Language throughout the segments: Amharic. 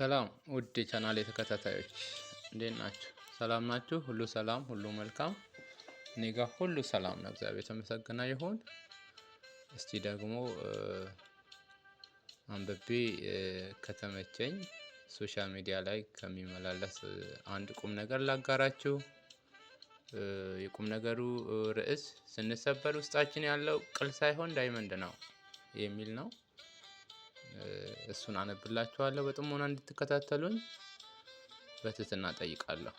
ሰላም ውድ ቻናል የተከታታዮች እንዴት ናችሁ? ሰላም ናችሁ? ሁሉ ሰላም፣ ሁሉ መልካም። እኔ ጋር ሁሉ ሰላም ነው። እግዚአብሔር የተመሰገነ ይሁን። እስቲ ደግሞ አንብቤ ከተመቸኝ ሶሻል ሚዲያ ላይ ከሚመላለስ አንድ ቁም ነገር ላጋራችሁ። የቁም ነገሩ ርዕስ ስንሰበር ውስጣችን ያለው ቅል ሳይሆን ዳይመንድ ነው የሚል ነው። እሱን አነብላችኋለሁ። በጥሞና እንድትከታተሉኝ በትህትና ጠይቃለሁ።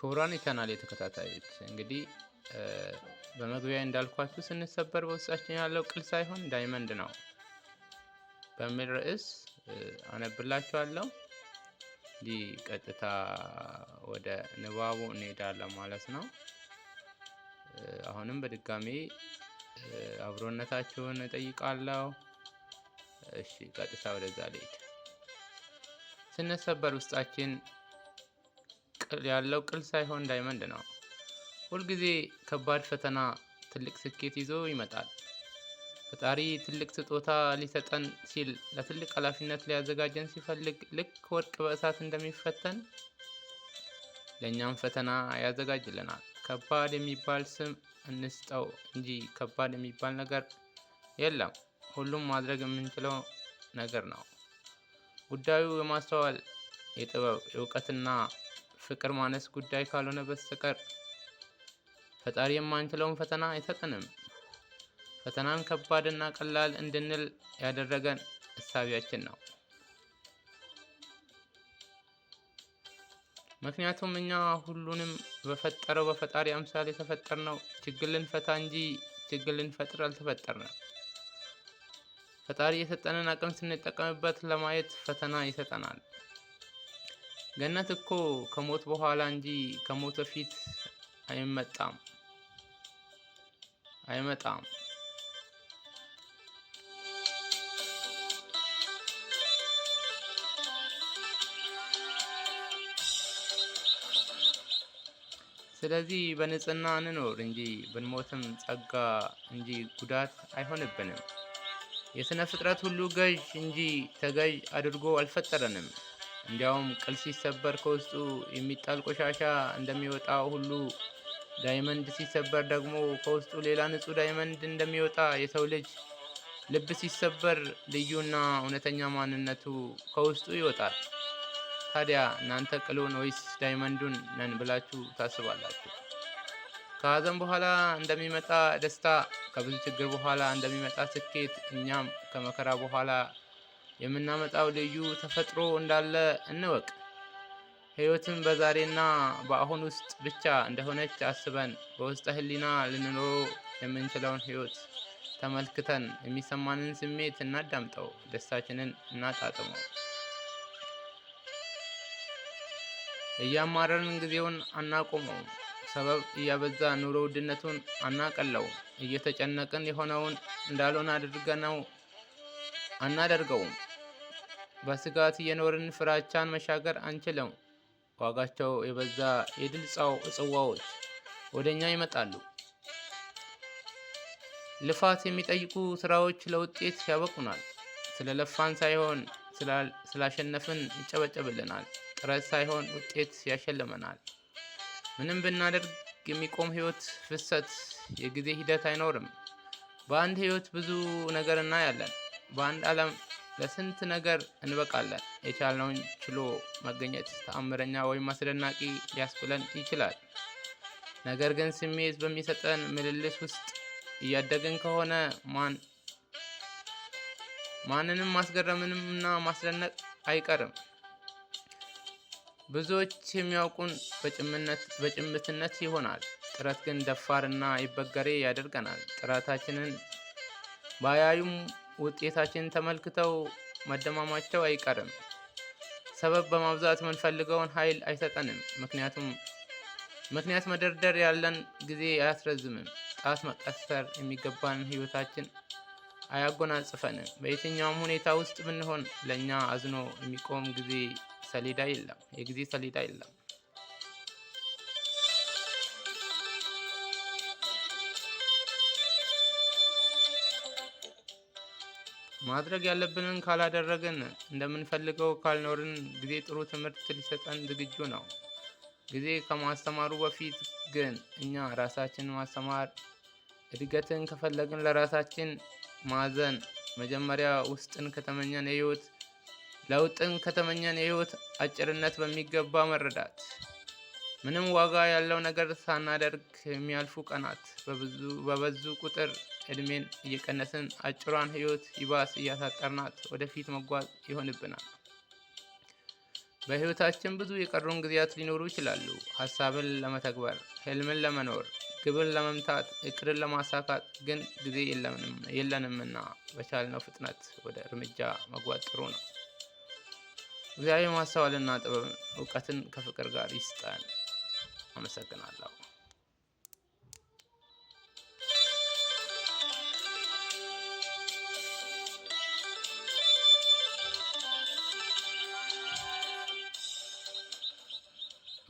ክቡራን የቻናል የተከታታዮች እንግዲህ በመግቢያ እንዳልኳችሁ ስንሰበር በውስጣችን ያለው ቅል ሳይሆን ዳይመንድ ነው በሚል ርዕስ አነብላችኋለሁ። እንግዲህ ቀጥታ ወደ ንባቡ እንሄዳለን ማለት ነው። አሁንም በድጋሜ አብሮነታችሁን እጠይቃለሁ። እሺ ቀጥታ ወደዛ ልሂድ። ስነሰበር ውስጣችን ያለው ቅል ሳይሆን ዳይመንድ ነው። ሁልጊዜ ከባድ ፈተና ትልቅ ስኬት ይዞ ይመጣል። ፈጣሪ ትልቅ ስጦታ ሊሰጠን ሲል ለትልቅ ኃላፊነት ሊያዘጋጀን ሲፈልግ ልክ ወርቅ በእሳት እንደሚፈተን ለእኛም ፈተና ያዘጋጅልናል። ከባድ የሚባል ስም እንስጠው እንጂ ከባድ የሚባል ነገር የለም። ሁሉም ማድረግ የምንችለው ነገር ነው። ጉዳዩ የማስተዋል የጥበብ የእውቀትና ፍቅር ማነስ ጉዳይ ካልሆነ በስተቀር ፈጣሪ የማንችለውን ፈተና አይሰጠንም። ፈተናን ከባድና ቀላል እንድንል ያደረገን እሳቢያችን ነው። ምክንያቱም እኛ ሁሉንም በፈጠረው በፈጣሪ አምሳል የተፈጠርነው ችግር ልንፈታ እንጂ ችግር ልንፈጥር አልተፈጠርንም። ፈጣሪ የሰጠንን አቅም ስንጠቀምበት ለማየት ፈተና ይሰጠናል። ገነት እኮ ከሞት በኋላ እንጂ ከሞት በፊት አይመጣም አይመጣም። ስለዚህ በንጽህና እንኖር እንጂ ብንሞትም ጸጋ እንጂ ጉዳት አይሆንብንም። የሥነ ፍጥረት ሁሉ ገዥ እንጂ ተገዥ አድርጎ አልፈጠረንም። እንዲያውም ቅል ሲሰበር ከውስጡ የሚጣል ቆሻሻ እንደሚወጣው ሁሉ ዳይመንድ ሲሰበር ደግሞ ከውስጡ ሌላ ንጹሕ ዳይመንድ እንደሚወጣ የሰው ልጅ ልብ ሲሰበር ልዩና እውነተኛ ማንነቱ ከውስጡ ይወጣል። ታዲያ እናንተ ቅሎን ወይስ ዳይመንዱን ነን ብላችሁ ታስባላችሁ? ከሀዘን በኋላ እንደሚመጣ ደስታ፣ ከብዙ ችግር በኋላ እንደሚመጣ ስኬት፣ እኛም ከመከራ በኋላ የምናመጣው ልዩ ተፈጥሮ እንዳለ እንወቅ። ህይወትን በዛሬና በአሁን ውስጥ ብቻ እንደሆነች አስበን በውስጠ ህሊና ልንኖረው የምንችለውን ህይወት ተመልክተን የሚሰማንን ስሜት እናዳምጠው፣ ደስታችንን እናጣጥመው። እያማረርን ጊዜውን አናቆመውም። ሰበብ እያበዛ ኑሮ ውድነቱን አናቀለውም። እየተጨነቅን የሆነውን እንዳልሆነ አድርገነው አናደርገውም። በስጋት እየኖርን ፍራቻን መሻገር አንችለም። ዋጋቸው የበዛ የድል ጽዋዎች ወደ እኛ ይመጣሉ። ልፋት የሚጠይቁ ስራዎች ለውጤት ያበቁናል። ስለለፋን ሳይሆን ስላሸነፍን ይጨበጨብልናል። ጥረት ሳይሆን ውጤት ያሸልመናል። ምንም ብናደርግ የሚቆም ህይወት ፍሰት የጊዜ ሂደት አይኖርም። በአንድ ህይወት ብዙ ነገር እናያለን። በአንድ ዓለም ለስንት ነገር እንበቃለን። የቻልነውን ችሎ መገኘት ተአምረኛ ወይም አስደናቂ ሊያስብለን ይችላል። ነገር ግን ስሜት በሚሰጠን ምልልስ ውስጥ እያደግን ከሆነ ማን ማንንም ማስገረምንም እና ማስደነቅ አይቀርም። ብዙዎች የሚያውቁን በጭምትነት ይሆናል። ጥረት ግን ደፋርና ይበገሬ ያደርገናል። ጥረታችንን ባያዩም ውጤታችንን ተመልክተው መደማማቸው አይቀርም። ሰበብ በማብዛት የምንፈልገውን ኃይል አይሰጠንም። ምክንያቱም ምክንያት መደርደር ያለን ጊዜ አያስረዝምም። ጣት መቀሰር የሚገባን ህይወታችን አያጎናጽፈንም። በየትኛውም ሁኔታ ውስጥ ብንሆን ለእኛ አዝኖ የሚቆም ጊዜ ሰሌዳ የለም፣ የጊዜ ሰሌዳ የለም። ማድረግ ያለብንን ካላደረግን እንደምንፈልገው ካልኖርን ጊዜ ጥሩ ትምህርት ሊሰጠን ዝግጁ ነው። ጊዜ ከማስተማሩ በፊት ግን እኛ ራሳችንን ማስተማር፣ እድገትን ከፈለግን ለራሳችን ማዘን መጀመሪያ ውስጥን ከተመኘን የህይወት ለውጥን ከተመኘን የህይወት አጭርነት በሚገባ መረዳት፣ ምንም ዋጋ ያለው ነገር ሳናደርግ የሚያልፉ ቀናት በበዙ ቁጥር እድሜን እየቀነስን አጭሯን ህይወት ይባስ እያሳጠርናት ወደፊት መጓዝ ይሆንብናል። በህይወታችን ብዙ የቀሩን ጊዜያት ሊኖሩ ይችላሉ። ሀሳብን ለመተግበር፣ ህልምን ለመኖር፣ ግብን ለመምታት፣ እቅድን ለማሳካት ግን ጊዜ የለንምና በቻልነው ፍጥነት ወደ እርምጃ መጓዝ ጥሩ ነው። እግዚአብሔር ማስተዋልና ጥበብ እውቀትን ከፍቅር ጋር ይስጠን። አመሰግናለሁ።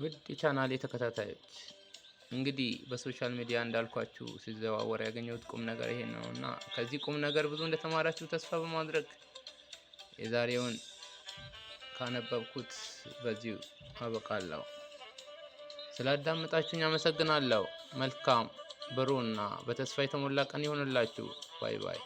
ውድ የቻናል ተከታታዮች እንግዲህ በሶሻል ሚዲያ እንዳልኳችሁ ሲዘዋወር ያገኘሁት ቁም ነገር ይሄን ነው እና ከዚህ ቁም ነገር ብዙ እንደተማራችሁ ተስፋ በማድረግ የዛሬውን ካነበብኩት በዚሁ አበቃለሁ። ስላዳመጣችሁኝ አመሰግናለሁ። መልካም ብሩህ በተስፋ የተሞላ ቀን ይሆንላችሁ። ባይ ባይ።